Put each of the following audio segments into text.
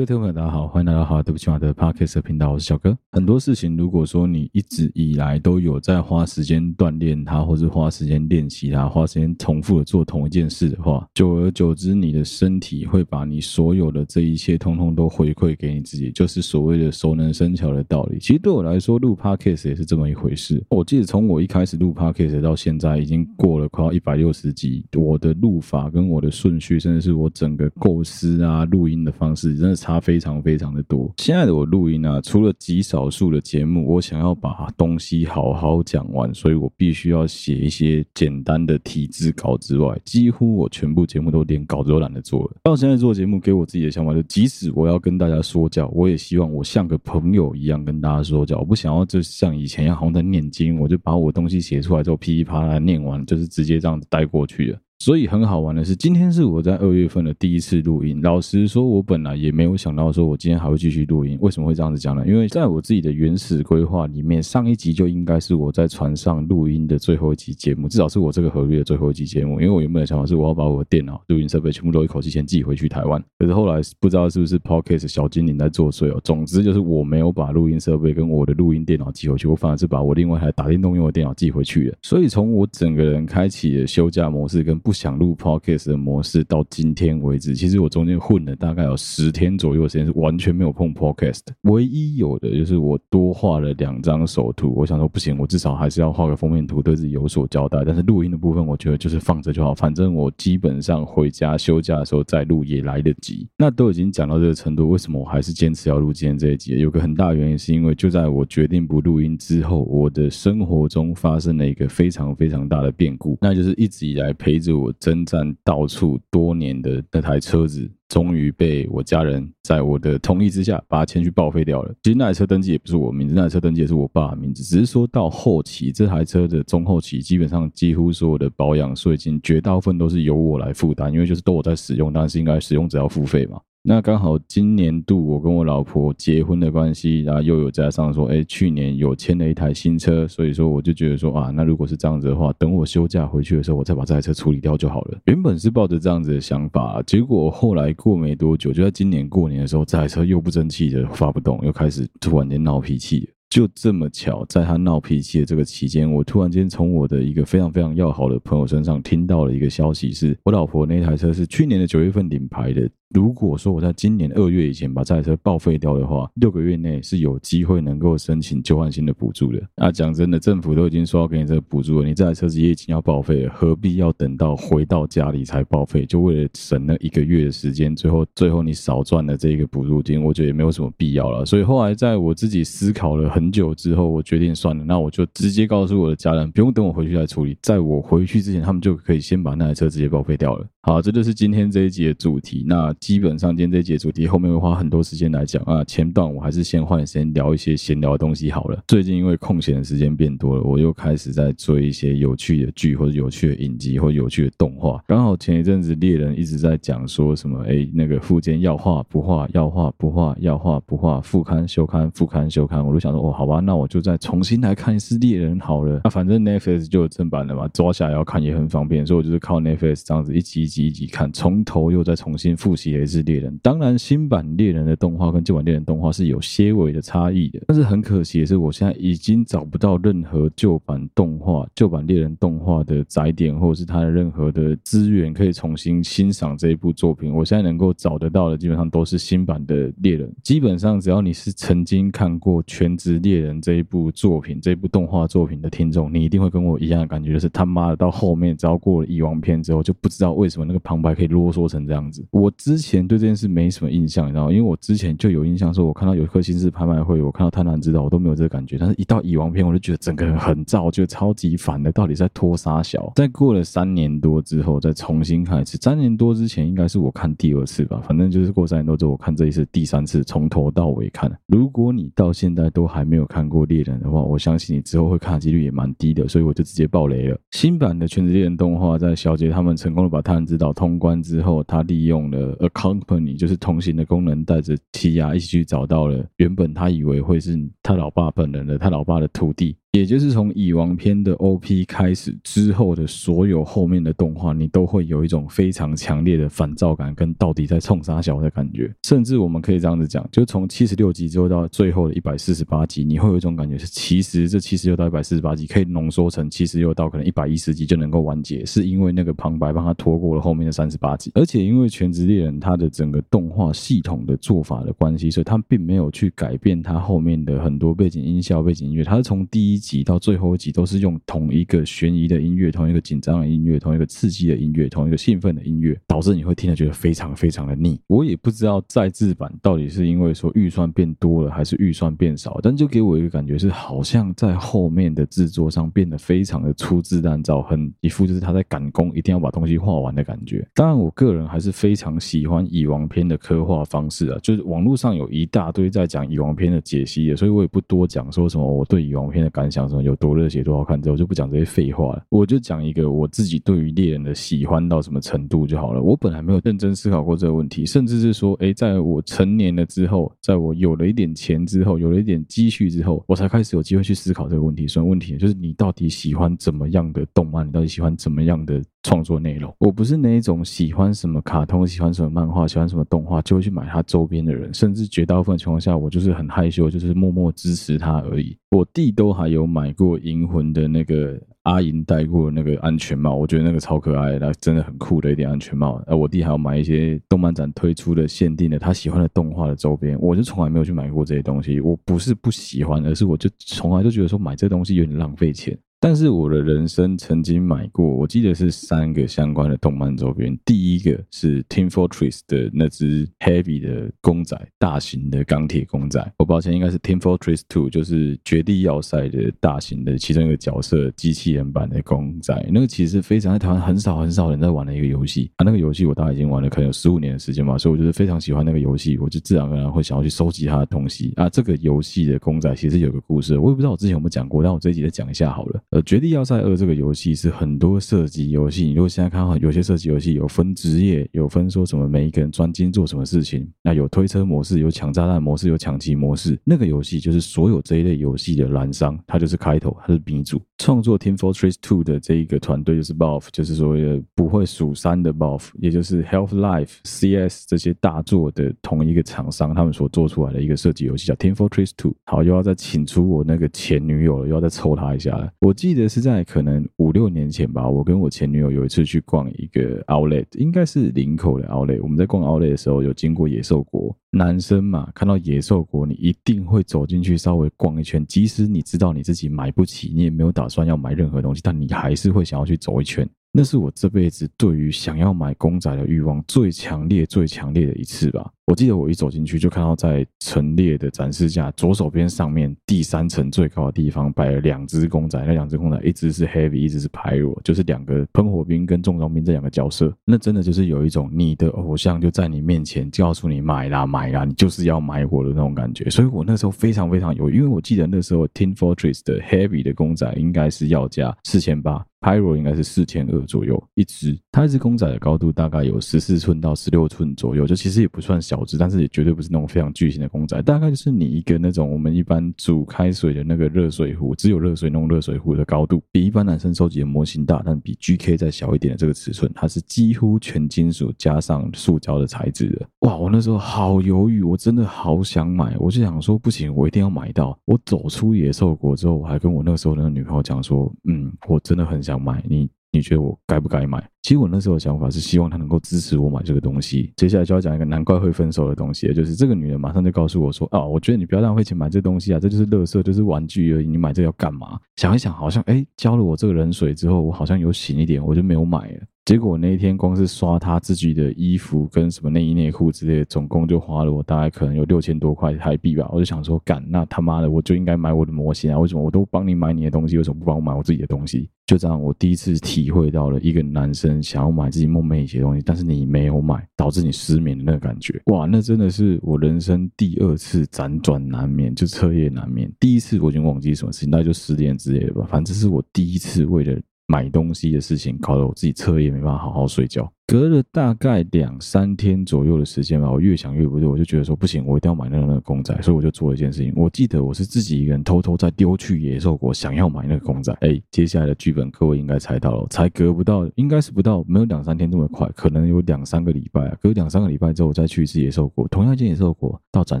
各位聽眾朋友，大家好，歡迎來到好，對不起，我的 podcast 的頻道，我是小哥。很多事情，如果說你一直以來都有在花時間鍛鍊它，或是花時間練習它，花時間重複的做同一件事的話，久而久之，你的身體會把你所有的這一切通通都回饋給你自己，就是所謂的“熟能生巧”的道理。其實對我來說，錄 podcast 也是這麼一回事。我記得從我一開始錄 podcast 到現在，已經過了快要一百六十集。我的錄法跟我的順序，甚至是我整個構思啊，錄音的方式，真的差。他非常非常的多。現在的我錄音啊，除了極少數的節目，我想要把東西好好講完，所以我必須要寫一些簡單的提字稿之外，幾乎我全部節目都連稿子都懶得做了。到現在做節目，給我自己的想法就是，即使我要跟大家說教，我也希望我像個朋友一樣跟大家說教。我不想要就像以前一樣好像在念經，我就把我東西寫出來之後噼里啪啦念完，就是直接這樣子帶過去了。所以很好玩的是，今天是我在二月份的第一次錄音。老實說，我本來也沒有想到說我今天還會繼續錄音。為什麼會這樣子講呢？因為在我自己的原始規劃裡面，上一集就應該是我在船上錄音的最後一集節目，至少是我這個合約的最後一集節目。因為我原本的想法是我要把我的電腦錄音設備全部都一口氣先寄回去台灣。可是後來不知道是不是 Pocket 小精靈在作祟哦。總之就是我沒有把錄音設備跟我的錄音電腦寄回去，我反而是把我另外一台打電動用的電腦寄回去了。所以從我整個人開啟了休假模式跟不不想錄 podcast 的模式到今天為止，其實我中間混了大概有十天左右的時間，是完全沒有碰 podcast。唯一有的就是我多畫了兩張手圖。我想說，不行，我至少還是要畫個封面圖，對自己有所交代。但是錄音的部分，我覺得就是放着就好，反正我基本上回家休假的時候再錄也來得及。那都已經講到這個程度，為什麼我還是堅持要錄今天這一集？有個很大的原因是因為，就在我決定不錄音之後，我的生活中發生了一個非常非常大的變故，那就是一直以來陪着我。我征戰到處多年的那台車子，終於被我家人在我的同意之下，把它牽去報廢掉了。其實那台車登記也不是我名字，那台車登記也是我爸的名字。只是說到後期，這台車的中後期基本上幾乎所有的保養、稅金，所以已經絕大部分都是由我來負擔，因為就是都我在使用，但是應該使用只要付費嘛。那剛好，今年度我跟我老婆結婚的關係，然後又有加上說，哎，去年有牽了一台新車，所以說我就覺得說啊，那如果是這樣子的話，等我休假回去的時候，我再把這台車處理掉就好了。原本是抱着這樣子的想法，結果後來過沒多久，就在今年過年的時候，這台車又不爭氣的發不動，又開始突然間鬧脾氣。就這麼巧，在他鬧脾氣的這個期間，我突然間從我的一個非常非常要好的朋友身上聽到了一個消息是，是我老婆那台車是去年的九月份領牌的。如果說我在今年二月以前把這台車報廢掉的話，六個月內是有機會能夠申請舊換新的補助的。啊，講真的，政府都已經說要給你這個補助了，你這台車子也已經要報廢了，何必要等到回到家裡才報廢？就為了省那一個月的時間，最後最後你少賺了這一個補助金，我覺得也沒有什麼必要了。所以後來在我自己思考了很久之後，我決定算了，那我就直接告訴我的家人，不用等我回去再處理，在我回去之前，他們就可以先把那台車直接報廢掉了。好，這就是今天這一集的主題。那基本上今天這一集的主題後面會花很多時間來講啊。前段我還是先換先聊一些閒聊的東西好了。最近因為空閒的時間變多了，我又開始在追一些有趣的劇或者有趣的影集或者有趣的動畫。剛好前一陣子獵人一直在講說什麼，哎、欸，那個富堅要畫不畫，要畫不畫，要畫不畫，富堅休刊，富堅休刊，我都想說哦，好吧，那我就再重新來看一次獵人好了。那反正 Netflix 就有正版的嘛，抓起來要看也很方便，所以我就是靠 Netflix 這樣子一集，集一集看，從頭又再重新複習了一次獵人。當然，新版獵人的動畫跟舊版獵人動畫是有些微的差異的。但是很可惜的是，我現在已經找不到任何舊版動畫、舊版獵人動畫的載點，或者是它的任何的資源可以重新欣賞這一部作品。我現在能夠找得到的，基本上都是新版的獵人。基本上，只要你是曾經看過《全職獵人》這一部作品、這一部動畫作品的聽眾，你一定會跟我一樣的感覺，就是他媽的到後面，只要過了蟻王篇之後，就不知道為什麼。我那個旁白可以囉嗦成這樣子，我之前對這件事沒什麼印象，然後因為我之前就有印象說，我看到友克鑫市拍賣會，我看到貪婪之島，我都沒有這個感覺，但是一到蟻王篇，我就覺得整個人很燥，就超級煩的，到底在拖啥小？在過了三年多之後再重新看一次，三年多之前應該是我看第二次吧，反正就是過三年多之後我看這一次第三次，從頭到尾看。如果你到現在都還沒有看過獵人的話，我相信你之後會看的幾率也蠻低的，所以我就直接爆雷了。新版的全職獵人動畫在小傑他們成功的把貪婪知道通關之後，他利用了 accompany，就是同行的功能，帶着奇犽一起去找到了。原本他以為會是他老爸本人的，他老爸的徒弟。也就是從蟻王篇的 OP 開始之後的所有後面的動畫，你都會有一種非常強烈的煩躁感跟到底在衝啥小的感覺。甚至我們可以這樣子講，就從七十六集之後到最後的一百四十八集，你會有一種感覺是，其實這七十六到一百四十八集可以濃縮成七十六到可能一百一十集就能夠完結，是因為那個旁白幫他拖過了後面的三十八集。而且因為全職獵人他的整個動畫系統的做法的關係，所以他並沒有去改變他後面的很多背景音效、背景音樂，他是從第一。集到最後一集都是用同一個懸疑的音樂，同一個緊張的音樂，同一個刺激的音樂，同一個興奮的音樂，導致你會聽得覺得非常非常的膩。我也不知道再制版到底是因為說預算變多了，還是預算變少了，但就給我一個感覺是，好像在後面的制作上變得非常的粗制濫造，很一副就是他在趕工，一定要把東西畫完的感覺。當然，我個人還是非常喜歡蟻王篇的刻畫方式啊，就是網絡上有一大堆在講蟻王篇的解析的，所以我也不多講說什麼我對蟻王篇的感。想什麼有多熱血、多好看？這我就不講這些廢話了，我就講一個我自己對於獵人的喜歡到什麼程度就好了。我本來沒有認真思考過這個問題，甚至是說，哎，在我成年了之後，在我有了一點錢之後，有了一點積蓄之後，我才開始有機會去思考這個問題。什麼問題？就是你到底喜歡怎麼樣的動漫？你到底喜歡怎麼樣的？創作內容，我不是那一種喜歡什麼卡通、喜歡什麼漫畫、喜歡什麼動畫就會去買它周邊的人，甚至絕大部分的情況下，我就是很害羞，就是默默支持它而已。我弟都還有買過《銀魂》的那個阿銀戴過的那個安全帽，我覺得那個超可愛的，真的很酷的一頂安全帽。我弟還有買一些動漫展推出的限定的他喜歡的動畫的周邊，我就從來沒有去買過這些東西。我不是不喜歡，而是我就從來都覺得說買這東西有點浪費錢。但是我的人生曾經買過，我記得是三個相關的動漫周邊。第一個是《Team Fortress》的那只 Heavy 的公仔，大型的鋼鐵公仔。我抱歉，應該是《Team Fortress 2》，就是《絕地要塞》的大型的其中一個角色機器人版的公仔。那個其實非常，在台灣很少很少人在玩的一個遊戲啊。那個遊戲我大概已經玩了可能有十五年的時間嘛，所以我就是非常喜歡那個遊戲，我就自然而然會想要去收集它的東西啊。這個遊戲的公仔其實有個故事，我也不知道我之前有沒有講過，但我這一集再講一下好了。呃，《絕地要塞二》這個遊戲是很多射擊遊戲。你如果現在看好，有些射擊遊戲有分職業，有分說什麼每一個人專精做什麼事情。那有推車模式，有搶炸彈模式，有搶旗模式。那個遊戲就是所有這一類遊戲的濫觴，它就是開頭，它是鼻祖。創作《Team Fortress 2》的這一個團隊就是 Valve，就是所謂的不會數三的 Valve，也就是《Half-Life》、《CS》這些大作的同一個廠商，他們所做出來的一個射擊遊戲叫《Team Fortress 2》。好，又要再請出我那個前女友了，又要再抽他一下了。我。記得是在可能五六年前吧，我跟我前女友有一次去逛一個 outlet，應該是林口的 outlet。我們在逛 outlet 的時候，有經過野獸國。男生嘛，看到野獸國，你一定會走進去稍微逛一圈，即使你知道你自己買不起，你也沒有打算要買任何東西，但你還是會想要去走一圈。那是我這輩子對於想要買公仔的欲望最強烈、最強烈的一次吧。我記得我一走進去，就看到在陳列的展示架左手邊上面第三層最高的地方擺了兩隻公仔，那兩隻公仔，一隻是 Heavy，一隻是 Pyro，就是兩個噴火兵跟重裝兵這兩個角色。那真的就是有一種你的偶像就在你面前，要出你買啦買啦，你就是要買我的那種感覺。所以我那時候非常非常猶豫，因為我記得那時候 Team Fortress 的 Heavy 的公仔應該是要價四千八。Pyro 應該是四千二左右一只，它一只公仔的高度大概有十四寸到十六寸左右，就其實也不算小只，但是也絕對不是那種非常巨型的公仔，大概就是你一個那種我們一般煮開水的那個熱水壺，只有熱水弄熱水壺的高度，比一般男生收集的模型大，但比 GK 再小一點的這個尺寸，它是幾乎全金屬加上塑膠的材質的。哇，我那時候好猶豫，我真的好想買，我就想說不行，我一定要買到。我走出野獸國之後，我還跟我那時候的那個女朋友講說，嗯，我真的很想。想買你，你覺得我該不該買？其實我那時候的想法是希望她能夠支持我買這個東西。接下來就要講一個難怪會分手的東西，就是這個女人馬上就告訴我說：“啊，我覺得你不要浪費錢買這東西啊，這就是樂色，就是玩具而已，你買這個要幹嘛？”想一想，好像哎，澆了我這個冷水之後，我好像有醒一點，我就沒有買了。結果那一天光是刷她自己的衣服跟什麼內衣內褲之類，總共就花了我大概可能有六千多塊台幣吧。我就想說，幹，那他媽的我就應該買我的模型啊！為什麼我都幫你買你的東西，為什麼不幫我買我自己的東西？就這樣，我第一次體會到了一個男生，想要買自己夢寐以求的東西，但是你沒有買，導致你失眠的那個感覺，哇，那真的是我人生第二次輾轉難眠，就徹夜難眠。第一次我已經忘記什麼事情，那就失戀之類的吧。反正這是我第一次為了買東西的事情搞得我自己徹夜沒辦法好好睡覺。隔了大概兩三天左右的時間吧，我越想越不對，我就覺得說不行，我一定要買那個那個公仔，所以我就做了一件事情。我記得我是自己一個人偷偷在丟去野獸國，想要買那個公仔。哎、欸，接下來的劇本各位應該猜到了，才隔不到，應該是不到沒有兩三天這麼快，可能有兩三個禮拜，啊。隔兩三個禮拜之後再去一次野獸國，同樣一間野獸國到展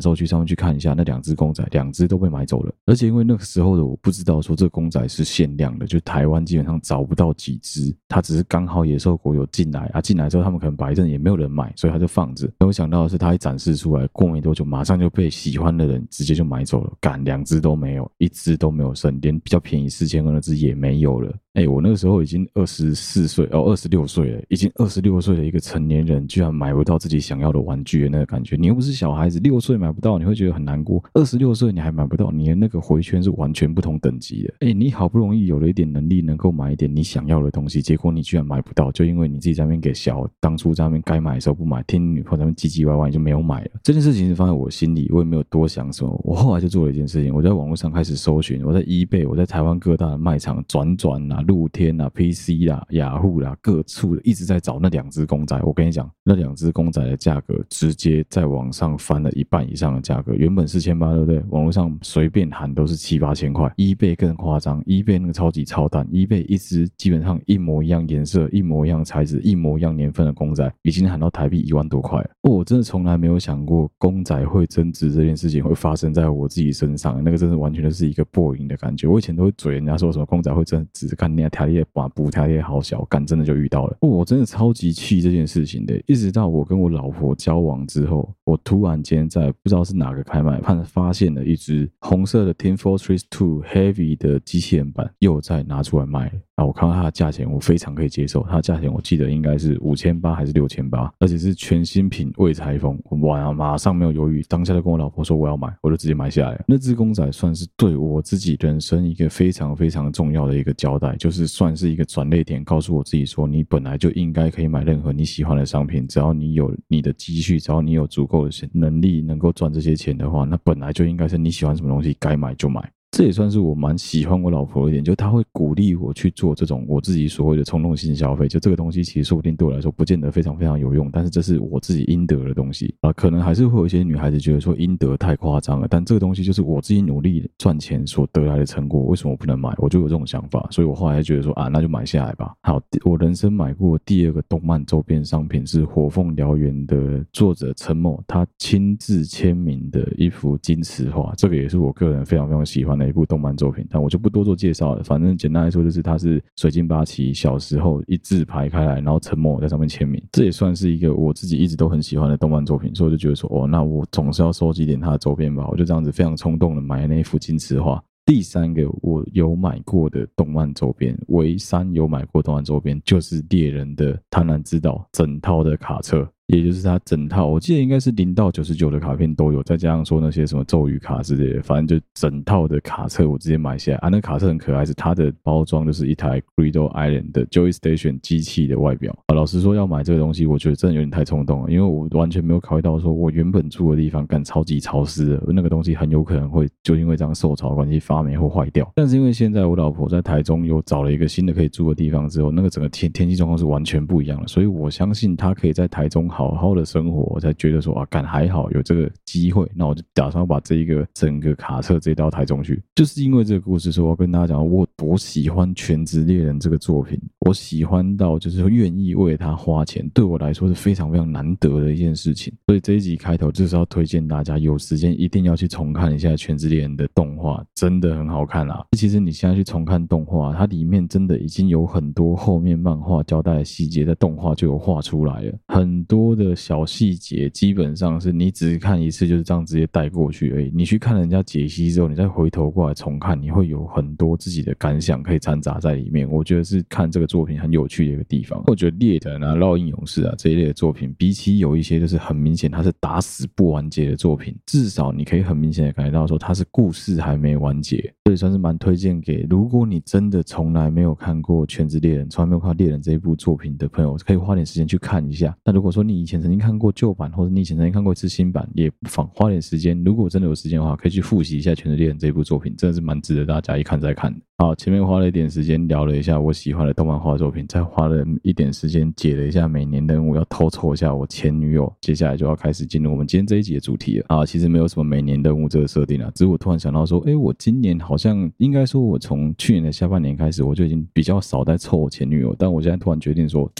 售區上面去看一下，那兩隻公仔，兩隻都被買走了。而且因為那個時候的我不知道說這個公仔是限量的，就台灣基本上找不到幾隻，它只是剛好野獸國有進來啊，進來。來之後，他們可能擺一陣也沒有人買，所以他就放着。沒有想到的是，他一展示出來，過沒多久，馬上就被喜歡的人直接就買走了，趕兩隻都沒有，一隻都沒有剩，連比較便宜四千塊的那隻也沒有了。哎，我那個時候已經二十四歲哦，二十六歲了，已經二十六歲的一個成年人，居然買不到自己想要的玩具的那個感覺。你又不是小孩子，六歲買不到，你會覺得很難過。二十六歲你還買不到，你的那個回圈是完全不同等級的。哎，你好不容易有了一點能力，能夠買一點你想要的東西，結果你居然買不到，就因為你自己在那邊給小，當初在那邊該買的時候不買，聽你女朋友在那邊唧唧歪歪，你就沒有買了。這件事情是放在我心裡，我也沒有多想什麼。我後來就做了一件事情，我在網絡上開始搜尋，我在 eBay，我在台灣各大的賣場，轉轉啊。露天啊，PC 啦，啊，雅虎啦，各處的一直在找那兩隻公仔。我跟你講，那兩隻公仔的價格直接在網上翻了一半以上的價格，原本四千八，對不對？網絡上隨便喊都是七八千塊，eBay 更誇張，eBay 那個超級超彈，eBay 一隻基本上一模一樣顏色、一模一樣材質、一模一樣年份的公仔，已經喊到台幣一萬多塊了。我真的從來沒有想過公仔會增值這件事情會發生在我自己身上，那個真的完全的是一個破音的感覺。我以前都會嘴人家說什麼公仔會增值，看。那條也哇，拔不條也好小，幹真的就遇到了。我、哦、我真的超級氣這件事情的，一直到我跟我老婆交往之後，我突然間在不知道是哪個拍賣，看發現了一只紅色的 Team Fortress Two Heavy 的機器人版，又再拿出來賣了。我看到它的價錢，我非常可以接受。它的價錢我記得應該是五千八還是六千八，而且是全新品未拆封。我玩啊，馬上沒有猶豫，當下就跟我老婆說我要買，我就直接買下來了。那只公仔算是對我自己人生一個非常非常重要的一個交代，就是算是一個轉捩點，告訴我自己說，你本來就應該可以買任何你喜歡的商品，只要你有你的積蓄，只要你有足夠的能力能夠賺這些錢的話，那本來就應該是你喜歡什麼東西，該買就買。這也算是我蠻喜歡我老婆的一點，就她會鼓勵我去做這種我自己所謂的衝動性消費。就這個東西其實說不定對我來說不見得非常非常有用，但是這是我自己應得的東西啊，可能還是會有一些女孩子覺得說應得太誇張了。但這個東西就是我自己努力賺錢所得來的成果，為什麼我不能買？我就有這種想法，所以我後來覺得說啊，那就買下來吧。好，我人生買過第二個動漫周邊商品是《火鳳燎原》的作者陳某他親自簽名的一幅金瓷畫，這個也是我個人非常非常喜歡。哪一部動漫作品？但我就不多做介紹了。反正簡單來說，就是它是《水晶八旗》，小時候一字排開來，然後沉默我在上面簽名。這也算是一個我自己一直都很喜歡的動漫作品，所以我就覺得說，哦，那我總是要收集一點它的周邊吧。我就這樣子非常衝動的買了那一幅金瓷畫。第三個我有買過的動漫周邊，唯三有買過動漫周邊就是《獵人》的《貪婪之島》整套的卡車。也就是它整套，我記得應該是零到九十九的卡片都有，再加上說那些什麼咒語卡之類的，反正就整套的卡冊我直接買下來。啊，那個、卡冊很可愛，是它的包裝就是一台 Greedo Island 的 Joy Station 機器的外表。老實說，要買這個東西，我覺得真的有點太衝動了，因為我完全沒有考慮到說，我原本住的地方幹，超級潮濕，那個東西很有可能會就因為這樣受潮的關係發霉或壞掉。但是因為現在我老婆在台中有找了一個新的可以住的地方之後，那個整個天天氣狀況是完全不一樣的，所以我相信她可以在台中好。好好的生活，我才覺得說，啊，幹，還好有這個機會，那我就打算把這一個整個卡車接到台中去，就是因為這個故事，說我要跟大家講我多喜歡《全職獵人》這個作品。我喜歡到就是願意為他花錢，對我來說是非常非常難得的一件事情。所以這一集開頭就是要推薦大家有時間一定要去重看一下《全職獵人》的動畫，真的很好看啦。其實你現在去重看動畫，它裡面真的已經有很多後面漫畫交代的細節，在動畫就有畫出來了，很多的小細節基本上是你只是看一次就是這樣直接帶過去而已。你去看人家解析之後，你再回頭過來重看，你會有很多自己的感想可以摻雜在裡面。我覺得是看這個。作品很有趣的一個地方，我覺得獵人啊、烙印勇士啊這一類的作品，比起有一些就是很明顯，它是打死不完結的作品，至少你可以很明顯的感覺到說，它是故事還沒完結。所以算是蠻推薦給，如果你真的從來沒有看過《全職獵人》，從來沒有看《獵人》這一部作品的朋友，可以花點時間去看一下。那如果說你以前曾經看過舊版，或者你以前曾經看過一次新版，也不妨花點時間。如果真的有時間的話，可以去複習一下《全職獵人》這一部作品，真的是蠻值得大家一看再看的。好，前面花了一點時間聊了一下我喜歡的動漫畫作品，再花了一點時間解了一下每年任務。要偷抽一下我前女友。接下來就要開始進入我們今天這一集的主題了。啊，其實沒有什麼每年任務這個設定啊，只是我突然想到說，哎，我今年好像像應該說，我從去年的下半年開始，我就已經比較少在湊我前女友，但我現在突然決定說。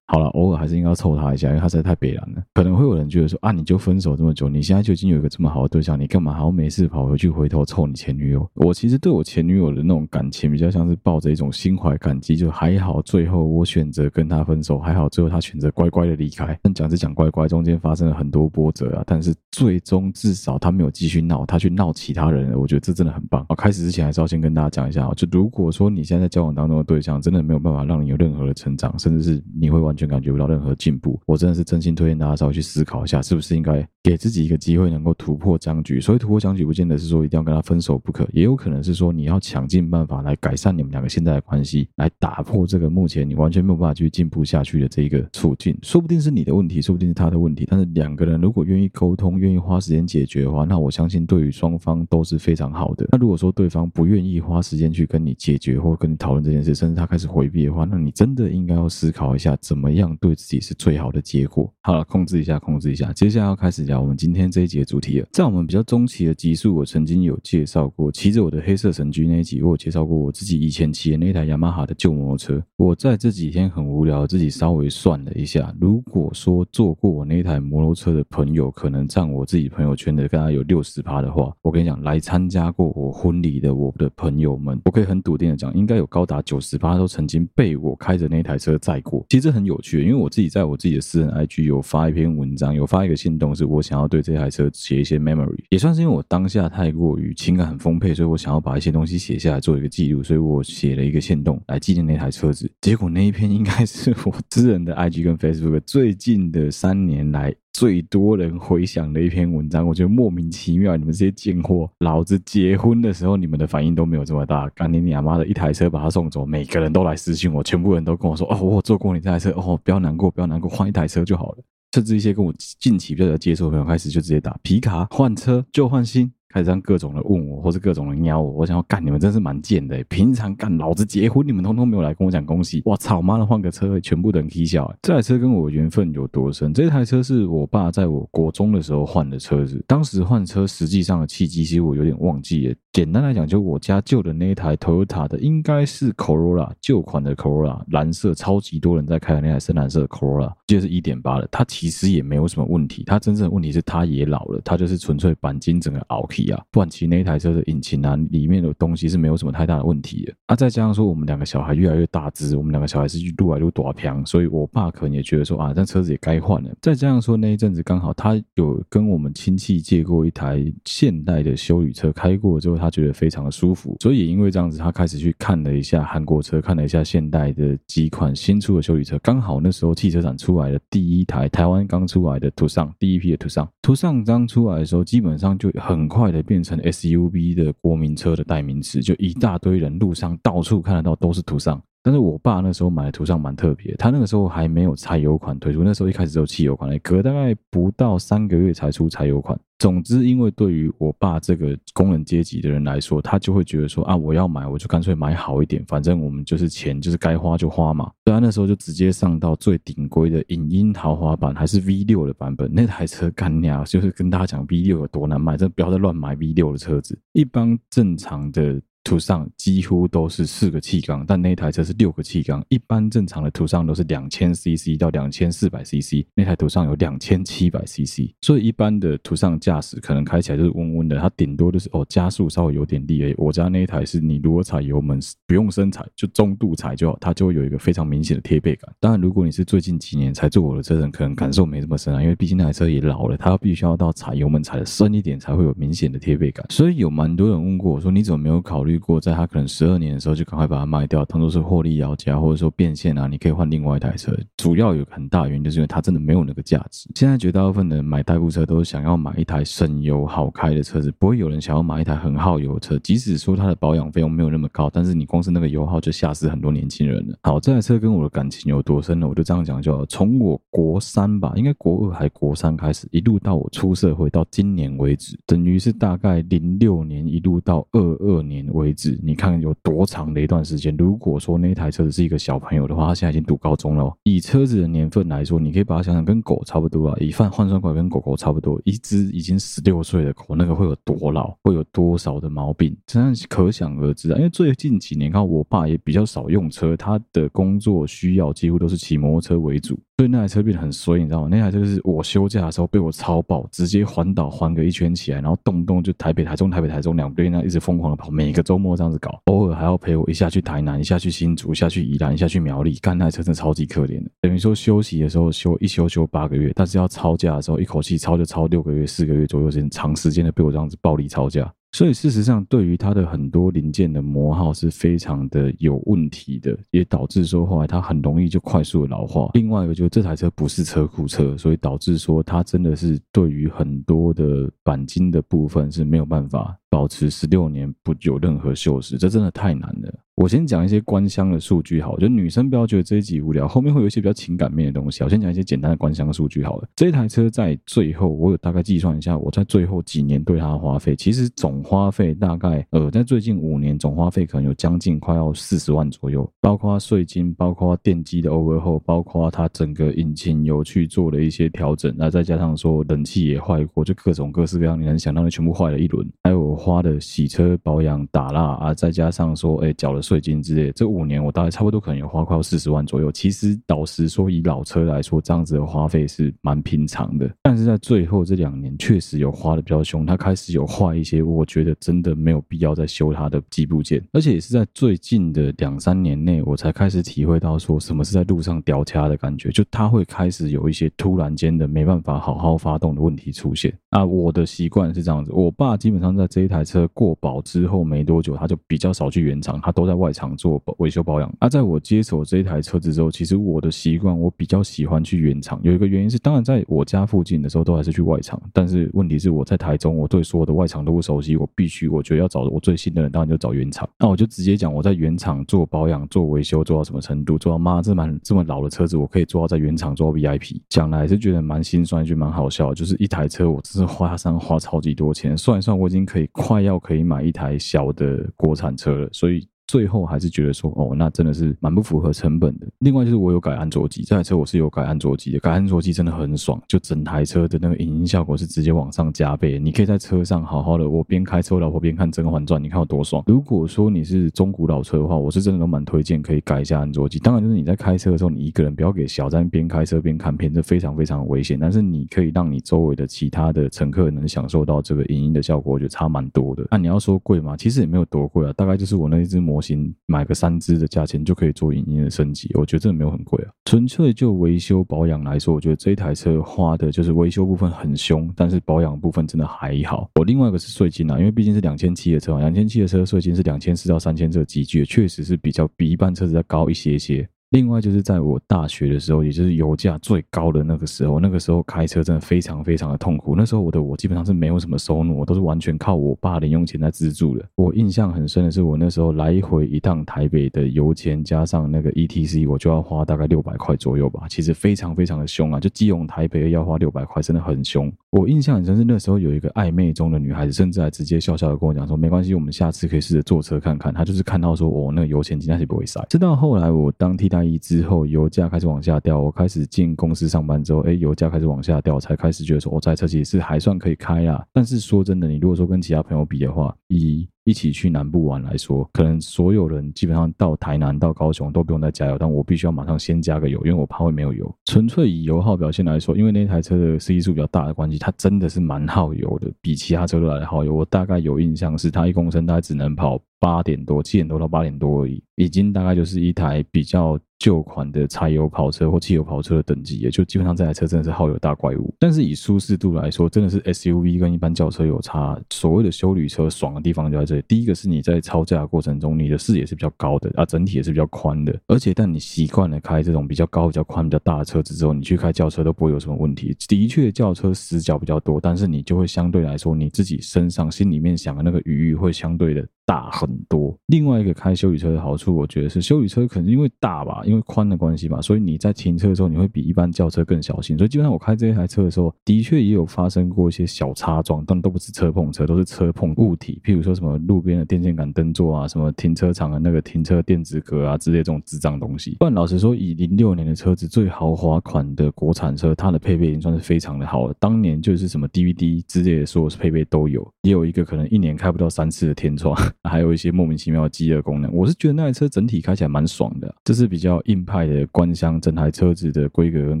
好了，偶爾還是應該要湊他一下，因為他實在太悲涼了。可能會有人覺得說啊，你就分手這麼久，你現在就已經有一個這麼好的對象，你幹嘛還要沒事跑回去回頭湊你前女友？我其實對我前女友的那種感情比較像是抱着一種心懷感激，就還好，最後我選擇跟他分手，還好最後他選擇乖乖的離開。但講是講乖乖，中間發生了很多波折啊，但是最終至少他沒有繼續鬧，他去鬧其他人了。我覺得這真的很棒。好，開始之前還是要先跟大家講一下，就如果說你現在在交往當中的對象真的沒有辦法讓你有任何的成長，甚至是你會。完全感覺不到任何進步，我真的是真心推薦大家稍微去思考一下，是不是應該給自己一個機會，能夠突破僵局。所以突破僵局不見得是說一定要跟他分手不可，也有可能是說你要想盡辦法來改善你們兩個現在的關係，來打破這個目前你完全沒有辦法去進步下去的這一個處境。說不定是你的問題，說不定是他的問題，但是兩個人如果願意溝通，願意花時間解決的話，那我相信對於雙方都是非常好的。那如果說對方不願意花時間去跟你解決，或跟你討論這件事，甚至他開始回避的話，那你真的應該要思考一下。怎麼樣對自己是最好的結果？好了，控制一下，控制一下。接下來要開始聊我們今天這一節的主題了。在我們比較中期的集數，我曾經有介紹過騎着我的黑色神駒那一集，我有介紹過我自己以前騎的那台雅馬哈的舊摩托車。我在這幾天很無聊，自己稍微算了一下，如果說坐過我那台摩托車的朋友，可能占我自己朋友圈的大概有六十趴的話，我跟你講，來參加過我婚禮的我的朋友們，我可以很篤定的講，應該有高達九十趴都曾經被我開着那台車載過。其實。這很有趣，因為我自己在我自己的私人 IG 有發一篇文章，有發一個限動，是我想要對這台車寫一些 memory，也算是因為我當下太過於情感很豐沛，所以我想要把一些東西寫下來做一個記錄，所以我寫了一個限動來紀念那台車子。結果那一篇應該是我私人的 IG 跟 Facebook 最近的三年來。最多人回想的一篇文章，我覺得莫名其妙。你們這些賤貨，老子結婚的時候，你們的反應都沒有這麼大。趕緊你阿媽的一台車把他送走，每個人都來私信我，全部人都跟我說：“哦，我坐過你這台車，哦，不要難過，不要難過，換一台車就好了。”甚至一些跟我近期比較有接觸的朋友開始就直接打皮卡換車舊換新。開始讓各種人問我，或是各種人壓我，我想要幹你們真是蠻賤的。平常幹老子結婚，你們通通沒有來跟我講恭喜。我操媽的，換個車，全部等踢下來。這台車跟我緣分有多深？這台車是我爸在我國中的時候換的車子。當時換車實際上的契機，其實我有點忘記了。簡單來講，就我家舊的那一台 Toyota 的，應該是 Corolla 舊款的 Corolla，藍色，超級多人在開的那台深藍色 Corolla，就是一點八的。它其實也沒有什麼問題，它真正的問題是它也老了，它就是純粹鈑金整個凹。啊，短期那一台車的引擎啊，裡面的東西是沒有什麼太大的問題的。啊，再加上說我們兩個小孩越來越大隻，我們兩個小孩是去路來路打平，所以我爸可能也覺得說啊，這車子也該換了。再加上說那一陣子剛好他有跟我們親戚借過一台現代的休旅車，開過之後他覺得非常的舒服，所以也因為這樣子，他開始去看了一下韓國車，看了一下現代的幾款新出的休旅車。剛好那時候汽車展出，出來的第一台台灣剛出來的途上，第一批的途上，途上剛出來的時候，基本上就很快。變成 SUV 的國民車的代名詞，就一大堆人路上到處看得到，都是土桑。但是我爸那時候買的圖上蠻特別，他那個時候還沒有柴油款推出，那時候一開始只有汽油款，隔大概不到三個月才出柴油款。總之，因為對於我爸這個工人階級的人來說，他就會覺得說啊，我要買，我就乾脆買好一點，反正我們就是錢就是該花就花嘛。所以他那時候就直接上到最頂規的影音豪華版，還是 V 六的版本。那台車幹掉，就是跟大家講 V 六有多難買，真的不要再亂買 V 六的車子。一般正常的。圖上幾乎都是四個氣缸，但那一台車是六個氣缸。一般正常的圖上都是兩千 CC 到兩千四百 CC，那台圖上有兩千七百 CC。所以一般的圖上駕駛可能開起來就是嗡嗡的，它頂多就是哦加速稍微有點力。哎，我家那一台是你如果踩油門不用深踩，就中度踩就好，它就會有一個非常明顯的貼背感。當然，如果你是最近幾年才坐我的車的人，可能感受沒這麼深啊，因為畢竟那台車也老了，它必須要到踩油門踩的深一點才會有明顯的貼背感。所以有蠻多人問過我說，你怎麼沒有考慮？如果在他可能十二年的時候就趕快把它賣掉，當做是獲利了結，或者說變現啊，你可以換另外一台車。主要有個很大原因就是因為它真的沒有那個價值。現在絕大部分的人買代步車都是想要買一台省油好開的車子，不會有人想要買一台很耗油的車。即使說它的保養費用沒有那麼高，但是你光是那個油耗就嚇死很多年輕人了。好，這台車跟我的感情有多深呢？我就這樣講就好了。從我國三吧，應該國二還國三開始，一路到我出社會到今年為止，等於是大概零六年一路到二二年為止。位置你看有多長的一段時間？如果說那台車子是一個小朋友的話，他現在已經讀高中了哦。以車子的年份來說，你可以把它想想跟狗差不多啊，以換換算過來跟狗狗差不多，一隻已經十六歲的狗，那個會有多老，會有多少的毛病，這樣可想而知啊。因為最近幾年，看我爸也比較少用車，他的工作需要幾乎都是騎摩托車為主。所以那台車變得很衰，你知道嗎？那台車就是我休假的時候被我操爆，直接環島環個一圈起來，然後動不動就台北、台中、台北、台中兩邊那一直瘋狂的跑，每個周末這樣子搞，偶爾還要陪我一下去台南，一下去新竹，一下去宜蘭，一下去苗栗，幹那台車真的超級可憐的。等於說休息的時候休一休休八個月，但是要操駕的時候一口氣操就操六個月、四個月左右時間，長時間的被我這樣子暴力操駕。所以事實上，對於它的很多零件的磨耗是非常的有問題的，也導致說後來它很容易就快速的老化。另外一個就是這台車不是車庫車，所以導致說它真的是對於很多的鈑金的部分是沒有辦法，保持十六年不有任何鏽蝕，這真的太難了。我先講一些官箱的數據好，就女生不要覺得這一集無聊，後面會有一些比較情感面的東西。我先講一些簡單的官箱的數據好了。這台車在最後，我有大概計算一下，我在最後幾年對它的花費，其實總花費大概呃，在最近五年總花費可能有將近快要四十萬左右，包括稅金，包括電機的 overhaul，包括它整個引擎有去做了一些調整，那、啊、再加上說冷氣也壞過，就各種各式各樣你能想到的全部壞了一輪，還有。花的洗車保養打蠟啊，再加上說，誒、欸、繳了稅金之類，這五年我大概差不多可能有花快四十萬左右。其實，老實說，以老車來說，這樣子的花費是蠻平常的。但是在最後這兩年，確實有花的比較兇，他開始有壞一些。我覺得真的沒有必要再修它的機部件，而且也是在最近的兩三年內，我才開始體會到說什麼是在路上掉掐的感覺，就他會開始有一些突然間的沒辦法好好發動的問題出現。啊，我的習慣是這樣子，我爸基本上在這一。這台車過保之後沒多久，他就比較少去原廠，他都在外廠做保維修保養。那在我接手這一台車子之後，其實我的習慣我比較喜歡去原廠，有一個原因是，當然在我家附近的時候都還是去外廠，但是問題是我在台中，我對所有的外廠都不熟悉，我必須我覺得要找我最信任的人，當然就找原廠。那我就直接講，我在原廠做保養、做維修做到什麼程度？做到媽，這麼這麼老的車子，我可以做到在原廠做 VIP，講來是覺得蠻心酸一句，就蠻好笑，就是一台車我真是花上花超級多錢，算一算我已經可以，快要可以買一台小的國產車了，所以。最後還是覺得說，哦，那真的是蠻不符合成本的。另外就是我有改安卓機，這台車我是有改安卓機的。改安卓機真的很爽，就整台車的那個影音效果是直接往上加倍。你可以在車上好好的，我邊開車，我老婆邊看《甄嬛傳》，你看有多爽。如果說你是中古老車的話，我是真的都蠻推薦可以改一下安卓機。當然就是你在開車的時候，你一個人不要給小站邊開車邊看片，這非常非常危險。但是你可以讓你周圍的其他的乘客能享受到這個影音的效果，我覺得差蠻多的。那、啊、你要說貴嗎？其實也沒有多貴啊，大概就是我那一隻魔。模型買個三支的價錢就可以做影音的升級，我覺得真的沒有很貴啊。純粹就維修保養來說，我覺得這一台車花的就是維修部分很凶，但是保養部分真的還好。我、哦、另外一個是稅金啊，因為畢竟是兩千七的車嘛，兩千七的車稅金是兩千四到三千這個級距，確實是比較比一般車子要高一些些。另外就是在我大學的時候，也就是油價最高的那個時候，那個時候開車真的非常非常的痛苦。那時候我的我基本上是沒有什麼收入，我都是完全靠我爸零用錢來資助的。我印象很深的是，我那時候來回一趟台北的油錢加上那個 ETC，我就要花大概六百塊左右吧。其實非常非常的凶啊，就基隆台北要花六百塊，真的很凶。我印象很深是那時候有一個曖昧中的女孩子，甚至還直接笑笑的跟我講說：“沒關係，我們下次可以試着坐車看看。”她就是看到說：“我、哦、那個油錢基本是不會塞。”直到後來我當替代。一之後油價開始往下掉，我開始進公司上班之後，哎、欸，油價開始往下掉，才開始覺得說，我、哦、這車其實還算可以開啦。但是說真的，你如果說跟其他朋友比的話，以一起去南部玩來說，可能所有人基本上到台南到高雄都不用再加油，但我必須要馬上先加個油，因為我怕會沒有油。純粹以油耗表現來說，因為那台車的 C 數比較大的關係，它真的是蠻耗油的，比其他車都來耗油。我大概有印象是，它一公升大概只能跑八點多、七點多到八點多而已，已經大概就是一台比較。舊款的柴油跑車或汽油跑車的等級，也就基本上這台車真的是耗油大怪物。但是以舒適度來說，真的是 SUV 跟一般轎車有差。所謂的休旅車爽的地方就在這裡。第一個是你在操駕的過程中，你的視野是比較高的，啊，整體也是比較寬的。而且，但你習慣了開這種比較高、比較寬、比較大的車子之後，你去開轎車都不會有什麼問題。的確，轎車死角比較多，但是你就會相對來說你自己身上心裡面想的那個愉悅會相對的大很多。另外一個開休旅車的好處，我覺得是休旅車可能因為大吧。因為寬的關係嘛，所以你在停車的時候，你會比一般轎車更小心。所以基本上我開這一台車的時候，的確也有發生過一些小擦撞，但都不是車碰車，都是車碰物體。譬如說什麼路邊的電線桿燈座啊，什麼停車場的那個停車電子格啊之類的這種智障東西。但老實說，以零六年的車子最豪華款的國產車，它的配備已經算是非常的好了。當年就是什麼 DVD 之類的，所有配備都有，也有一個可能一年開不到三次的天窗，還有一些莫名其妙的雞肋功能。我是覺得那台車整體開起來蠻爽的，這是比較。硬派的官箱，整台車子的規格跟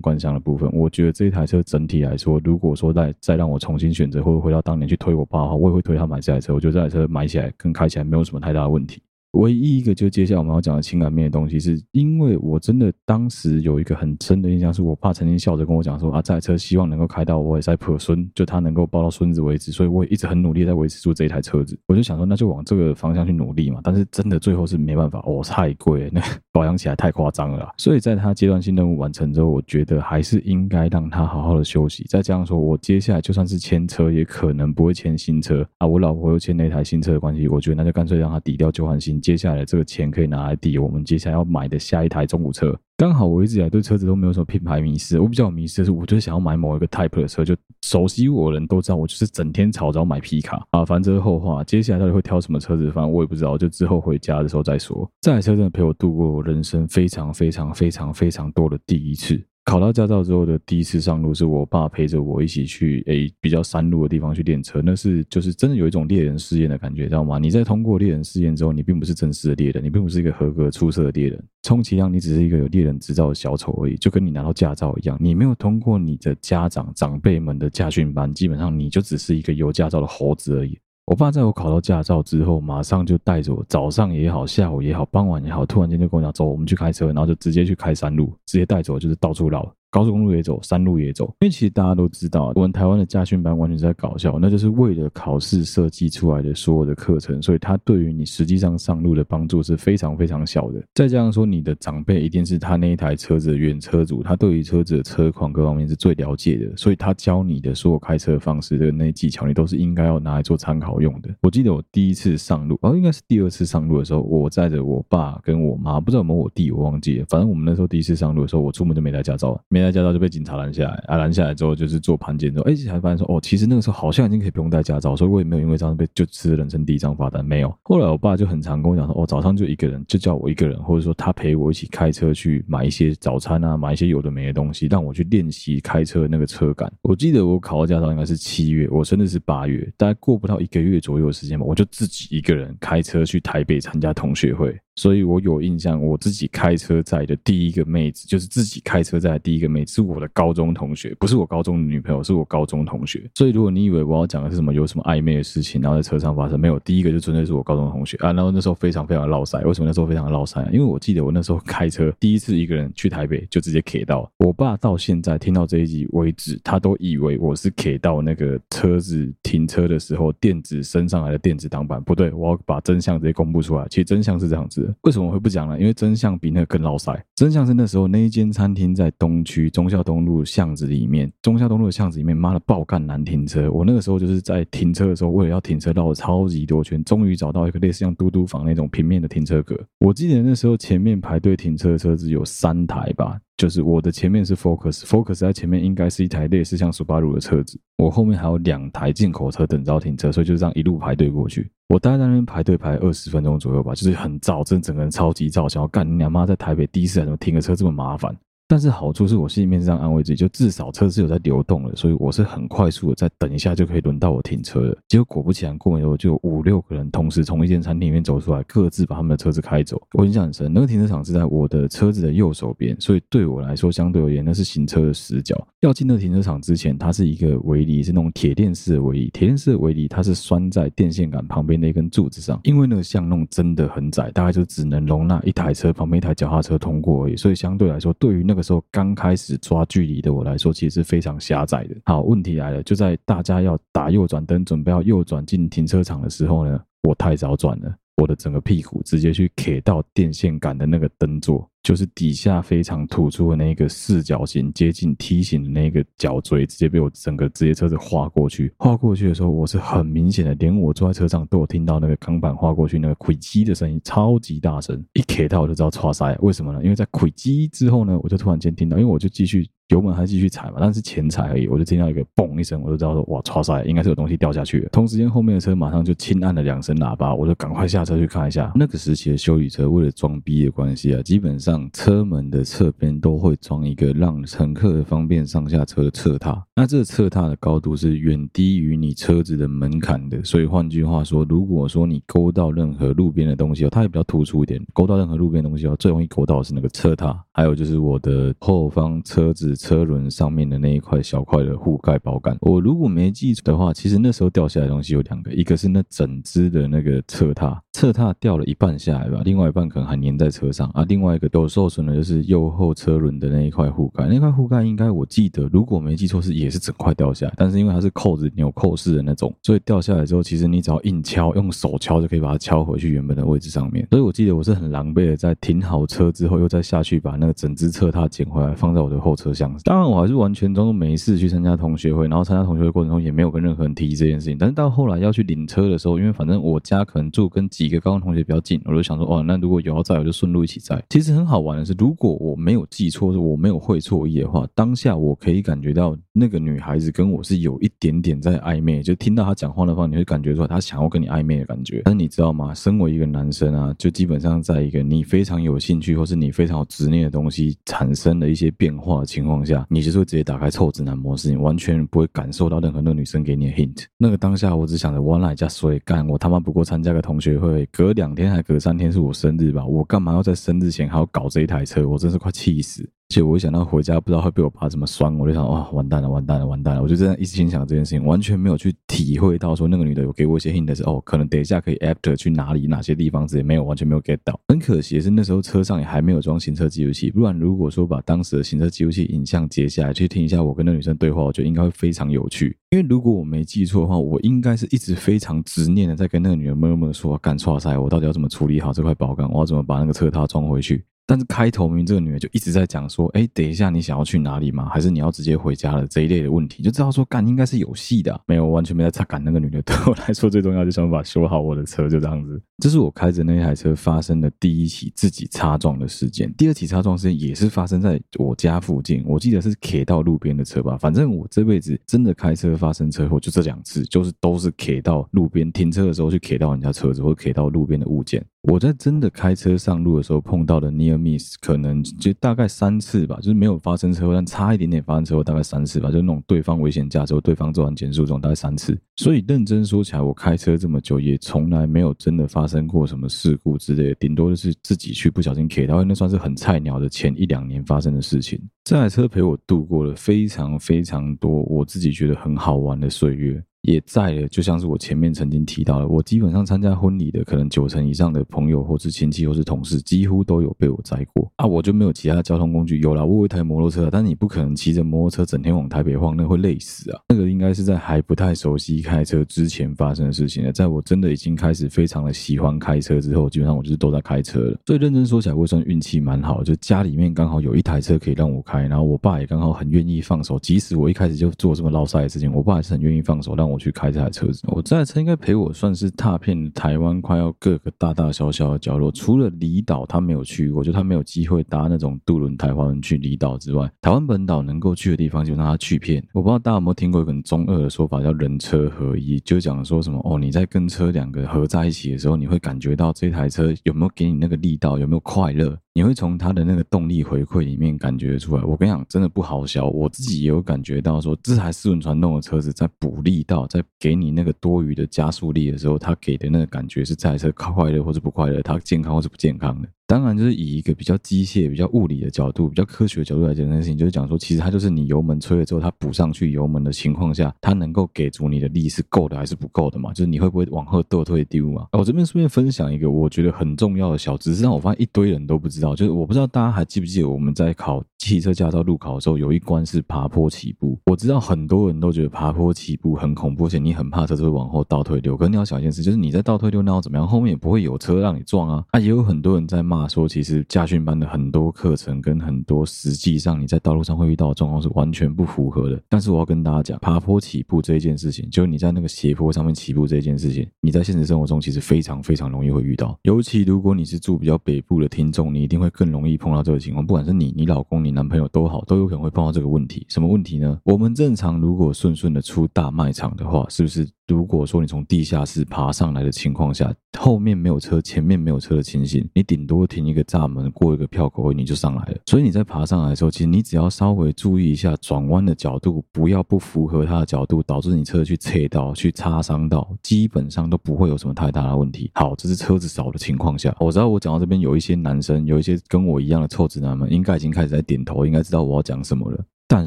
官箱的部分，我覺得這台車整體來說，如果說再再讓我重新選擇，或回到當年去推我爸的話，我也會推他買這台車。我覺得這台車買起來跟開起來沒有什麼太大的問題。唯一一個就接下來我們要講的情感面的東西，是因為我真的當時有一個很深的印象，是我爸曾經笑着跟我講說啊，這台車希望能夠開到我也在婆孫，就他能夠抱到孫子為止，所以我也一直很努力在維持住這一台車子。我就想說那就往這個方向去努力嘛，但是真的最後是沒辦法，哦，太貴，那保養起來太誇張了。所以在他階段性任務完成之後，我覺得還是應該讓他好好的休息。再加上說我接下來就算是簽車，也可能不會簽新車啊，我老婆又簽了那台新車的關係，我覺得那就乾脆讓他抵掉舊換新。接下來這個錢可以拿來抵我們接下來要買的下一台中古車。剛好我一直以來對車子都沒有什麼品牌迷思，我比較有迷思的是，我最想要買某一個 type 的車。就熟悉我的人都知道，我就是整天吵着要買皮卡啊。反正這是後話，接下來到底會挑什麼車子，反正我也不知道。就之後回家的時候再說。這台車真的陪我度過我人生非常非常非常非常非常多的第一次。考到駕照之後的第一次上路，是我爸陪着我一起去誒比較山路的地方去練車。那是就是真的有一種獵人試驗的感覺，知道嗎？你在通過獵人試驗之後，你並不是真實的獵人，你並不是一個合格出色的獵人，充其量你只是一個有獵人執照的小丑而已，就跟你拿到駕照一樣，你沒有通過你的家長長輩們的駕訓班，基本上你就只是一個有駕照的猴子而已。我爸在我考到駕照之後，馬上就帶着我，早上也好，下午也好，傍晚也好，突然間就跟我講：“走，我們去開車。”然後就直接去開山路，直接帶着我就是到處繞。高速公路也走，山路也走，因為其實大家都知道，我們台灣的駕訓班完全是在搞笑，那就是為了考試設計出來的所有的課程，所以它對於你實際上上路的幫助是非常非常小的。再加上說，你的長輩一定是他那一台車子的原車主，他對於車子的車況各方面是最了解的，所以他教你的所有開車方式的那些技巧，你都是應該要拿來做參考用的。我記得我第一次上路，然後應該是第二次上路的時候，我載着我爸跟我媽，不知道有沒有我弟我忘記了，反正我們那時候第一次上路的時候，我出門就沒帶駕照了。沒帶駕照就被警察攔下來，啊，攔下來之後就是做盤檢，之後哎，才、欸、發現說哦，其實那個時候好像已經可以不用帶駕照，所以我也沒有因為這樣被，就吃了人生第一張罰單沒有。後來我爸就很常跟我講說，哦，早上就一個人，就叫我一個人，或者說他陪我一起開車去買一些早餐啊，買一些有的沒的東西，讓我去練習開車的那個車感。我記得我考到駕照應該是七月，我生日是八月，大概過不到一個月左右的時間吧，我就自己一個人開車去台北參加同學會。所以我有印象，我自己開車載的第一個妹子，就是自己開車載的第一個妹子，是我的高中同學，不是我高中的女朋友，是我高中同學。所以如果你以為我要講的是什麼有什麼曖昧的事情，然後在車上發生，沒有，第一個就純粹是我高中同學啊。然後那時候非常非常的落腮，為什麼那時候非常的落腮？因為我記得我那時候開車第一次一個人去台北，就直接 K 到。我爸到現在聽到這一集為止，他都以為我是 K 到那個車子停車的時候，電子升上來的電子擋板。不對，我要把真相直接公布出來。其實真相是這樣子。為什麼我會不講呢？因為真相比那個更撈塞。真相是那時候那一間餐廳在東區中孝東路巷子裡面，中孝東路的巷子裡面，媽的爆幹難停車。我那個時候就是在停車的時候，為了要停車，繞了超級多圈，終於找到一個類似像嘟嘟房那種平面的停車格。我記得那時候前面排隊停車的車子有三台吧。就是我的前面是 Focus，Focus focus 在前面應該是一台類似像 Subaru 的車子，我後面還有兩台進口車等着要停車，所以就這樣一路排隊過去。我待在那邊排隊排二十分鐘左右吧，就是很燥，真的整個人超級燥，想要幹你娘媽在台北第一次怎麼停個車這麼麻煩。但是好處是我心裡面這樣安慰自己，就至少車子有在流動了，所以我是很快速的在等一下就可以輪到我停車了。結果果不其然，過完以後就有五六個人同時從一間餐廳裡面走出來，各自把他們的車子開走。我印象很深，那個停車場是在我的車子的右手邊，所以對我來說相對而言那是行車的死角。要進那個停車場之前，它是一個圍籬，是那種鐵鏈式的圍籬。鐵鏈式的圍籬它是拴在電線桿旁邊的一根柱子上，因為那個巷弄真的很窄，大概就只能容納一台車旁邊一台腳踏車通過而已。所以相對來說，對於那個候剛開始抓距離的我來說，其實是非常狹窄的。好，問題來了，就在大家要打右轉燈，準備要右轉進停車場的時候呢，我太早轉了。我的整個屁股直接去 k 到電線桿的那個燈座，就是底下非常突出的那個四角形接近梯形的那個角錐，直接被我整個職業車子劃過去。劃過去的時候，我是很明顯的，連我坐在車上都有聽到那個鋼板劃過去那個 qui 嘰的聲音，超級大聲。一 k 到我就知道出事了，為什麼呢？因為在 qui 嘰之後呢，我就突然間聽到，因為我就繼續。油門還繼續踩嘛？但是淺踩而已，我就聽到一個嘣一聲，我就知道說哇，唰塞，應該是有東西掉下去了。同時間，後面的車馬上就輕按了兩聲喇叭，我就趕快下車去看一下。那個時期的休旅車，為了裝逼的關係啊，基本上車門的側邊都會裝一個讓乘客方便上下車的側踏。那這個側踏的高度是遠低於你車子的門檻的，所以換句話說，如果說你勾到任何路邊的東西哦，它也比較突出一點，勾到任何路邊東西哦，最容易勾到的是那個側踏，還有就是我的後方車子。車輪上面的那一塊小塊的覆蓋包干，我如果沒記錯的話，其實那時候掉下來的東西有兩個，一個是那整只的那個側踏。側踏掉了一半下來吧，另外一半可能還粘在車上啊。另外一個都有受損的就是右後車輪的那一塊護蓋，那塊護蓋應該我記得，如果沒記錯是也是整塊掉下來，但是因為它是扣子紐扣式的那種，所以掉下來之後，其實你只要硬敲，用手敲就可以把它敲回去原本的位置上面。所以我記得我是很狼狽的，在停好車之後，又再下去把那個整隻側踏撿回來放在我的後車廂。當然我還是完全裝作沒事去參加同學會，然後參加同學會過程中也沒有跟任何人提這件事情。但是到後來要去領車的時候，因為反正我家可能住跟幾一個高中同學比較近，我就想說，哦，那如果有要載，我就順路一起載。其實很好玩的是，如果我沒有記錯，我沒有會錯意的話，當下我可以感覺到。那個女孩子跟我是有一點點在曖昧，就聽到她講話的話，你會感覺說她想要跟你曖昧的感覺。但你知道嗎？身為一個男生啊，就基本上在一個你非常有興趣或是你非常有執念的東西產生了一些變化的情況下，你就是會直接打開臭直男模式，你完全不會感受到任何那個女生給你的 hint。那個當下，我只想着我哪家衰幹，我他媽不過參加個同學會，隔兩天還隔三天是我生日吧？我幹嘛要在生日前還要搞這一台車？我真是快氣死！而且我一想到回家不知道會被我爸怎麼酸，我就想，哇，完蛋了，完蛋了，完蛋了！我就這樣一直心想這件事情，完全沒有去體會到說那個女的有給我一些 hint 的時候，可能等一下可以 after 去哪裡哪些地方之類，是沒有完全沒有 get 到。很可惜是那時候車上也還沒有裝行車記錄器，不然如果說把當時的行車記錄器影像截下來去聽一下我跟那個女生對話，我覺得應該會非常有趣。因為如果我沒記錯的話，我應該是一直非常執念的在跟那個女的默默的說，幹啥噻？我到底要怎麼處理好這塊保桿？我要怎麼把那個車套裝回去？但是開頭明這個女的就一直在講說，哎、欸，等一下你想要去哪裡嗎？還是你要直接回家了這一類的問題，就知道說，幹，應該是有戲的、啊。沒有，完全沒在擦乾。那個女的。對我來說最重要就是想辦法修好我的車，就這樣子。這是我開着那台車發生的第一起自己擦撞的事件。第二起擦撞事件也是發生在我家附近，我記得是貼到路邊的車吧。反正我這輩子真的開車發生車禍就這兩次，就是都是貼到路邊停車的時候去貼到人家車子或貼到路邊的物件。我在真的開車上路的時候，碰到的 near miss 可能就大概三次吧，就是沒有發生車禍，但差一點點發生車禍，大概三次吧，就那種對方危險駕駛，或對方做完減速，這種大概三次。所以認真說起來，我開車這麼久，也從來沒有真的發生過什麼事故之類的，頂多就是自己去不小心 k 到，那算是很菜鳥的前一兩年發生的事情。這台車陪我度過了非常非常多，我自己覺得很好玩的歲月。也在了，就像是我前面曾經提到的，我基本上參加婚禮的可能九成以上的朋友，或是親戚，或是同事，幾乎都有被我載過啊。我就沒有其他的交通工具，有啦，我有一台摩托車，但你不可能騎着摩托車整天往台北晃，那會累死啊。那個應該是在還不太熟悉開車之前發生的事情了。在我真的已經開始非常的喜歡開車之後，基本上我就是都在開車了。所以認真說起來，我算運氣蠻好的，就家裡面剛好有一台車可以讓我開，然後我爸也剛好很願意放手，即使我一開始就做這麼烙賽的事情，我爸也是很願意放手讓我去開這台車子，我這台車應該陪我算是踏遍台灣快要各個大大小小的角落，除了離島他沒有去過，就他沒有機會搭那種渡輪、台華輪去離島之外，台灣本島能夠去的地方就讓他去遍。我不知道大家有沒有聽過一個很中二的說法，叫人車合一，就講說什麼哦，你在跟車兩個合在一起的時候，你會感覺到這台車有沒有給你那個力道，有沒有快樂。你會從它的那個動力回饋裡面感覺出來。我跟你講，真的不好笑，我自己也有感覺到說，說這台四輪傳動的車子在補力道，在給你那個多餘的加速力的時候，它給的那個感覺是這台車快樂或者不快樂，它健康或者不健康的。當然，就是以一個比較機械、比較物理的角度，比較科學的角度來講這件事情，就是講說，其實它就是你油門推了之後，它補上去油門的情況下，它能夠給足你的力是夠的還是不夠的嘛？就是你會不會往後倒退溜嘛？啊，我這邊順便分享一個我覺得很重要的小知識，讓我發現一堆人都不知道。就是我不知道大家還記不記得我們在考汽車駕照路考的時候，有一關是爬坡起步。我知道很多人都覺得爬坡起步很恐怖，而且你很怕車會往後倒退溜。可你要想一件事，就是你在倒退溜那要怎麼樣？後面也不會有車讓你撞啊。啊，也有很多人在罵。啊，說其實駕訓班的很多課程跟很多實際上你在道路上會遇到的狀況是完全不符合的。但是我要跟大家講，爬坡起步這一件事情，就你在那個斜坡上面起步這一件事情，你在現實生活中其實非常非常容易會遇到。尤其如果你是住比較北部的聽眾，你一定會更容易碰到這個情況。不管是你、你老公、你男朋友都好，都有可能會碰到這個問題。什麼問題呢？我們正常如果順順的出大賣場的話，是不是？如果說你從地下室爬上來的情況下，後面沒有車，前面沒有車的情形，你頂多停一個柵門，過一個票口，你就上來了。所以你在爬上來的時候，其實你只要稍微注意一下轉彎的角度，不要不符合它的角度，導致你車子去側倒、去擦傷到，基本上都不會有什麼太大的問題。好，這是車子少的情況下。我知道我講到這邊，有一些男生，有一些跟我一樣的臭直男們，應該已經開始在點頭，應該知道我要講什麼了。但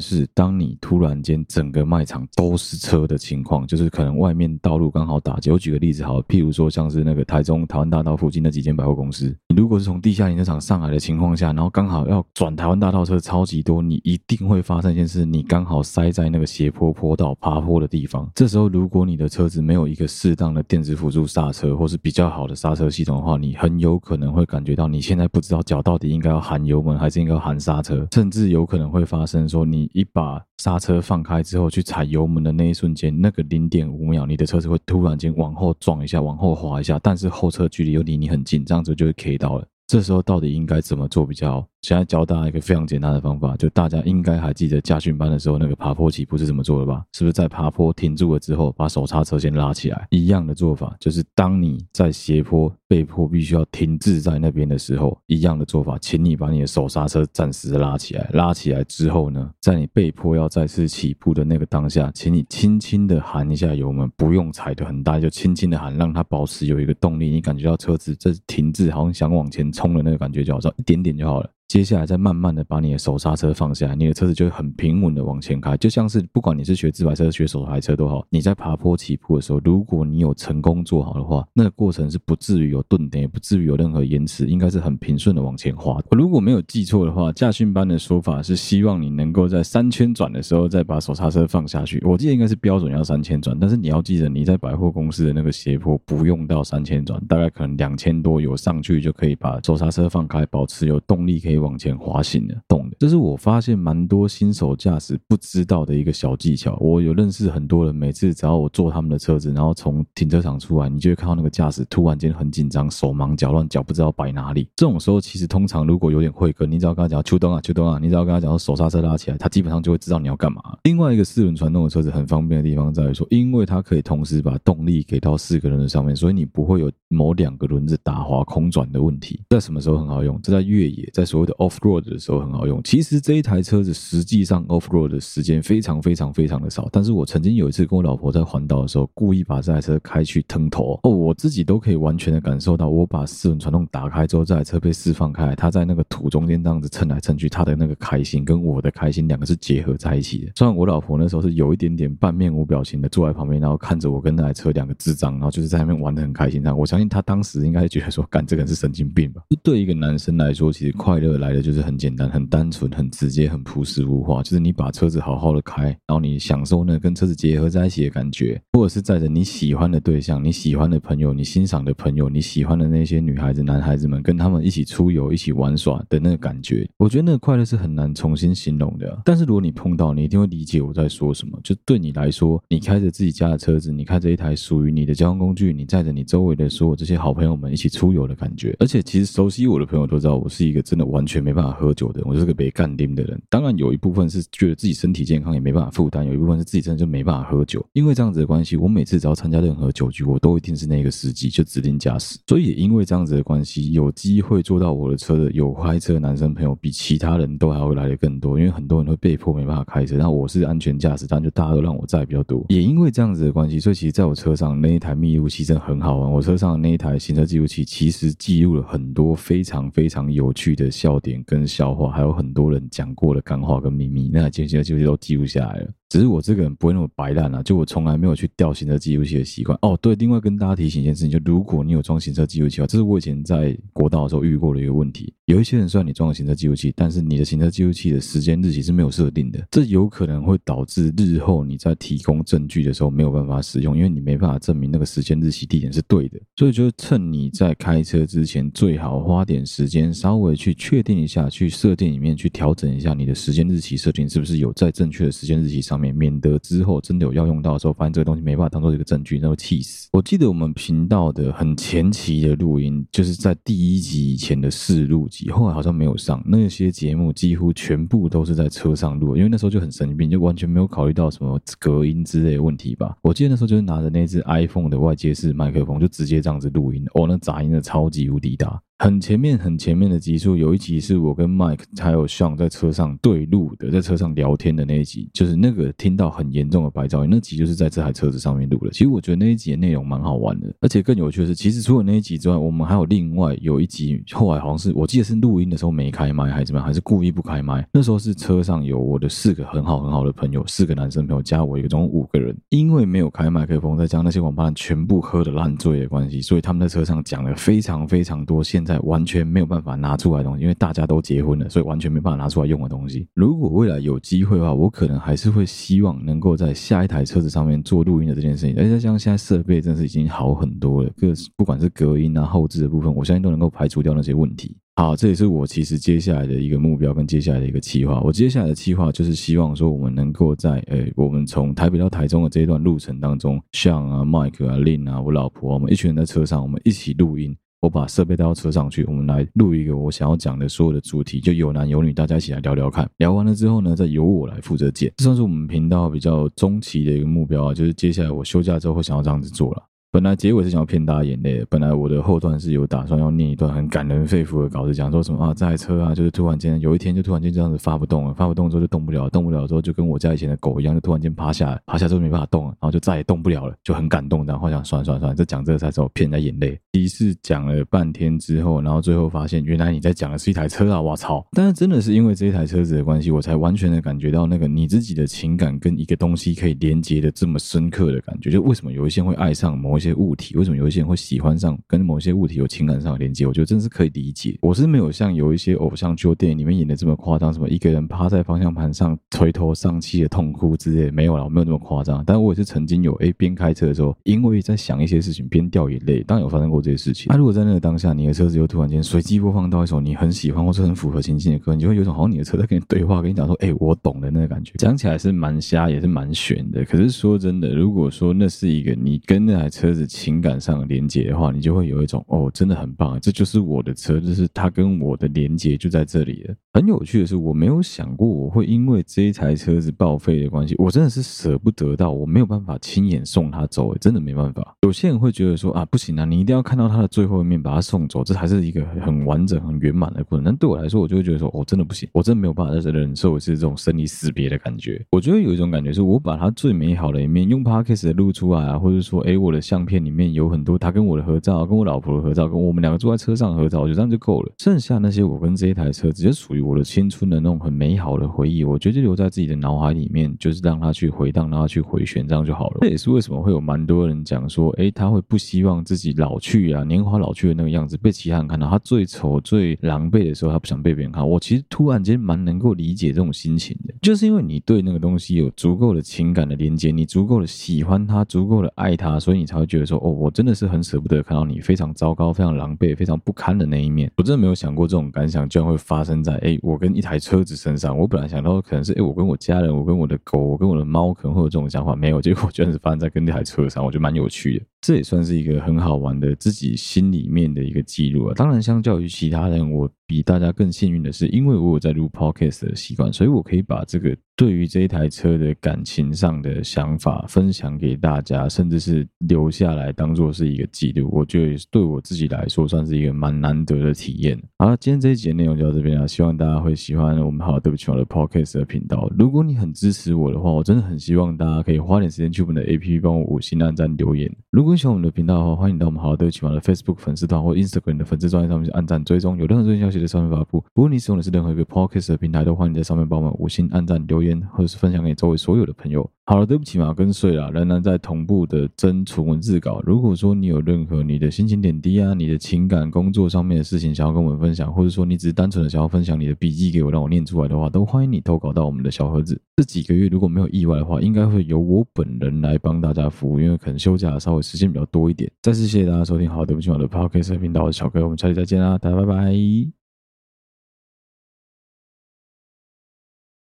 是，當你突然間整個賣場都是車的情況，就是可能外面道路剛好打結。我舉個例子好，譬如說像是那個台中台灣大道附近的幾間百貨公司。如果是從地下停車場上來的情況下，然後剛好要轉台灣大道，車超級多，你一定會發生一件事，你剛好塞在那個斜坡坡道爬坡的地方。這時候，如果你的車子沒有一個適當的電子輔助剎車，或是比較好的剎車系統的話，你很有可能會感覺到你現在不知道腳到底應該要含油門還是應該要含剎車，甚至有可能會發生說你一把。剎車放開之後，去踩油門的那一瞬間，那個零點五秒，你的車子會突然間往後撞一下，往後滑一下，但是後車距離又離你很近，這樣子就會 K 到了。這時候到底應該怎麼做比較？現在教大家一個非常簡單的方法，就大家應該還記得駕訓班的時候那個爬坡起步是怎麼做的吧？是不是在爬坡停住了之後，把手剎車先拉起來？一樣的做法，就是當你在斜坡被迫必須要停滯在那邊的時候，一樣的做法，請你把你的手剎車暫時的拉起來。拉起來之後呢，在你被迫要再次起步的那個當下，請你輕輕的含一下油門，不用踩的很大，就輕輕的含，讓它保持有一個動力。你感覺到車子在停滯，好像想往前衝的那個感覺，就好像一點點就好了。接下來再慢慢的把你的手剎車放下，你的車子就會很平穩的往前開，就像是不管你是學自排車學手排車都好，你在爬坡起步的時候，如果你有成功做好的話，那個過程是不至於有頓點，也不至於有任何延遲，應該是很平順的往前滑的。如果沒有記錯的話，駕訓班的說法是希望你能夠在三千轉的時候再把手剎車放下去。我記得應該是標準要三千轉，但是你要記得你在百貨公司的那個斜坡不用到三千轉，大概可能兩千多有上去就可以把手剎車放開，保持有動力可以往前滑行的、動的，這是我發現蠻多新手駕駛不知道的一個小技巧。我有認識很多人，每次只要我坐他們的車子，然後從停車場出來，你就會看到那個駕駛突然間很緊張，手忙腳亂，腳不知道擺哪裡。這種時候，其實通常如果有點慧根，你只要跟他講秋冬啊、秋冬啊，你只要跟他講手剎車拉起來，他基本上就會知道你要幹嘛。另外一個四輪傳動的車子很方便的地方在於說，因為它可以同時把動力給到四個輪子上面，所以你不會有某兩個輪子打滑空轉的問題。在什麼時候很好用？這在越野，在說。我的 off road 的時候很好用。其實這一台車子實際上 off road 的時間非常非常非常的少。但是我曾經有一次跟我老婆在環島的時候，故意把這台車開去騰頭哦，我自己都可以完全的感受到，我把四輪傳動打開之後，這台車被釋放開來，它在那個土中間這樣子蹭來蹭去，它的那個開心跟我的開心兩個是結合在一起的。雖然我老婆那時候是有一點點半面無表情的坐在旁邊，然後看着我跟那台車兩個智障，然後就是在那邊玩得很開心。但我相信他當時應該覺得說，幹這個是神經病吧？對一個男生來說，其實快樂。來的就是很簡單、很單純、很直接、很樸實無華。就是你把車子好好的開，然後你享受那個跟車子結合在一起的感覺，或者是載着你喜歡的對象、你喜歡的朋友、你欣賞的朋友、你喜歡的那些女孩子、男孩子們，跟他們一起出遊、一起玩耍的那個感覺。我覺得那個快樂是很難重新形容的。但是如果你碰到，你一定會理解我在說什麼。就對你來說，你開着自己家的車子，你開着一台屬於你的交通工具，你載着你周圍的所有這些好朋友們一起出遊的感覺。而且其實熟悉我的朋友都知道，我是一個真的玩。完全沒辦法喝酒的，我就是個被幹掉的人。當然有一部分是覺得自己身體健康也沒辦法負擔，有一部分是自己真的就沒辦法喝酒。因為這樣子的關係，我每次只要參加任何酒局，我都一定是那個司機，就指定駕駛。所以也因為這樣子的關係，有機會坐到我的車的有開車的男生朋友，比其他人都還會來得更多。因為很多人會被迫沒辦法開車，然後我是安全駕駛，當然就大家都讓我載比較多。也因為這樣子的關係，所以其實在我車上那一台密錄器真的很好玩。我車上的那一台行車記錄器其實記錄了很多非常非常有趣的消息。笑點跟笑話，還有很多人講過的幹話跟秘密，那這些就都記不下來了。只是我這個人不會那麼白爛啊，就我從來沒有去調行車記錄器的習慣。哦，對，另外跟大家提醒一件事情，就如果你有裝行車記錄器的話，這是我以前在國道的時候遇過的一個問題。有一些人雖然你裝了行車記錄器，但是你的行車記錄器的時間日期是沒有設定的，這有可能會導致日後你在提供證據的時候沒有辦法使用，因為你沒辦法證明那個時間日期地點是對的。所以，就趁你在開車之前，最好花點時間稍微去確定一下，去設定裡面去調整一下你的時間日期設定是不是有在正確的時間日期上面。免得之後真的有要用到的時候，發現這個東西沒辦法當作一個證據，然後氣死。我記得我們頻道的很前期的錄音，就是在第一集以前的試錄集，後來好像沒有上那些節目，幾乎全部都是在車上錄，因為那時候就很神經病，就完全沒有考慮到什麼隔音之類的問題吧。我記得那時候就是拿着那只 iPhone 的外接式麥克風，就直接這樣子錄音，哦，那雜音的超級無敵大。很前面很前面的集數，有一集是我跟 Mike 還有 Sean 在車上對錄的，在車上聊天的那一集，就是那個聽到很嚴重的白噪音，那集就是在這台車子上面錄的。其實我覺得那一集的內容蠻好玩的，而且更有趣的是，其實除了那一集之外，我們還有另外有一集，後來好像是我記得是錄音的時候沒開麥還是什麼還是故意不開麥。那時候是車上有我的四個很好很好的朋友，四個男生朋友加我總共五個人，因為沒有開麥克風再，再加那些網吧全部喝的爛醉的關係，所以他們在車上講了非常非常多現在，完全沒有辦法拿出來的東西，因為大家都結婚了，所以完全沒辦法拿出來用的東西。如果未來有機會的話，我可能還是會希望能夠在下一台車子上面做錄音的這件事情。而、欸、且像現在設備真的是已經好很多了，隔不管是隔音啊、後製的部分，我相信都能夠排除掉那些問題。好，這也是我其實接下來的一個目標跟接下來的一個計劃。我接下來的計劃就是希望說我們能夠在呃、欸、我們從台北到台中的這一段路程當中，像啊 Mike 啊 Lin 啊我老婆、啊，我們一群人在車上，我們一起錄音。我把設備帶到車上去，我們來錄一個我想要講的所有的主題，就有男有女，大家一起來聊聊看。聊完了之後呢，再由我來負責剪。這算是我們頻道比較中期的一個目標啊，就是接下來我休假之後會想要這樣子做了。本來結尾是想要騙大家眼淚的，本來我的後段是有打算要念一段很感人肺腑的稿子，講說什麼啊，這台車啊，就是突然間有一天就突然間這樣子發不動了，發不動之後就動不了，動不了之後就跟我家以前的狗一樣，就突然間趴下來，趴下之後沒辦法動了，然後就再也動不了了，就很感動，然後想算了算了算了，這講這個才是我騙人家眼淚。第一次講了半天之後，然後最後發現，原來你在講的是一台車啊，我操！但是真的是因為這台車子的關係，我才完全的感覺到那個你自己的情感跟一個東西可以連接的這麼深刻的感覺，就為什麼有一些會愛上某。些物體為什麼有一些人會喜歡上跟某些物體有情感上的連接？我覺得真的是可以理解。我是沒有像有一些偶像劇、電影裡面演的這麼誇張，什麼一個人趴在方向盤上垂頭喪氣的痛哭之類，沒有了，我沒有那麼誇張。但我也是曾經有，哎，邊開車的時候，因為在想一些事情，邊掉眼淚。當然有發生過這些事情。那，啊，如果在那個當下，你的車子又突然間隨機播放到一首你很喜歡或是很符合情境的歌，你就會有一種好像你的車在跟你對話，跟你講說：“哎，我懂的。”那個感覺講起來是蠻瞎，也是蠻玄的。可是說真的，如果說那是一個你跟那台車。情感上的連接的話，你就會有一種哦，真的很棒，這就是我的車，就是它跟我的連接就在這裡了。很有趣的是，我沒有想過我會因為這一台車子報廢的關係，我真的是捨不得到，我沒有辦法親眼送它走，真的沒辦法。有些人會覺得說啊，不行啊，你一定要看到它的最後一面，把它送走，這還是一個很完整、很圓滿的過程。但對我來說，我就會覺得說，哦，真的不行，我真的沒有辦法在這忍受我是這種生離死別的感覺。我覺得有一種感覺，是我把它最美好的一面用 Podcast 錄出來啊，或者說，哎，我的相。片裡面有很多他跟我的合照，跟我老婆的合照，跟我們兩個坐在車上的合照，我覺得這樣就夠了。剩下那些我跟這一台車，只是屬於我的青春的那種很美好的回憶，我覺得留在自己的腦海裡面，就是讓它去回盪，讓它去回旋，這樣就好了。這也是為什麼會有蠻多人講說，哎、欸，他會不希望自己老去啊，年華老去的那個樣子被其他人看到，他最醜最狼狽的時候，他不想被別人看。我其實突然間蠻能夠理解這種心情的，就是因為你對那個東西有足夠的情感的連接，你足夠的喜歡他，足夠的愛他，所以你才。會覺得說，哦，我真的是很捨不得看到你非常糟糕、非常狼狽、非常不堪的那一面。我真的沒有想過這種感想居然會發生在哎，我跟一台車子身上。我本來想到可能是哎，我跟我家人、我跟我的狗、我跟我的貓，可能會有這種想法，沒有。結果居然是發生在跟那台車上，我覺得蠻有趣的。這也算是一個很好玩的自己心裡面的一個記錄啊。當然，相較於其他人，我比大家更幸運的是，因為我有在錄 podcast 的習慣，所以我可以把這個對於這一台車的感情上的想法分享給大家，甚至是留下來當做是一個記錄。我覺得也是對我自己來說，算是一個蠻難得的體驗。好了，今天這一集的內容就到這邊了啊，希望大家會喜歡我們好對不起我的 podcast 的頻道。如果你很支持我的話，我真的很希望大家可以花點時間去我們的 app 幫我五星按讚留言。如果分享我們的頻道的話，歡迎到我們好好對起玩的 Facebook 粉絲團或 Instagram 的粉絲專頁上面去按贊追蹤，有任何最新消息在上面發布。無論你使用的是任何一個 Podcast 的平台，都歡迎在上面幫我們五星按贊、留言或者是分享給周圍所有的朋友。好了，對不起嘛，跟睡了、啊。仍然在同步的增存文字稿。如果說你有任何你的心情點滴啊，你的情感、工作上面的事情，想要跟我們分享，或者說你只是單純的想要分享你的筆記給我，讓我念出來的話，都歡迎你投稿到我們的小盒子。這幾個月如果沒有意外的話，應該會由我本人來幫大家服務，因為可能休假稍微時間比較多一點。再次謝謝大家收聽。好了，對不起嘛，我的 podcast 頻道小哥，我們下期再見啦，大家拜拜。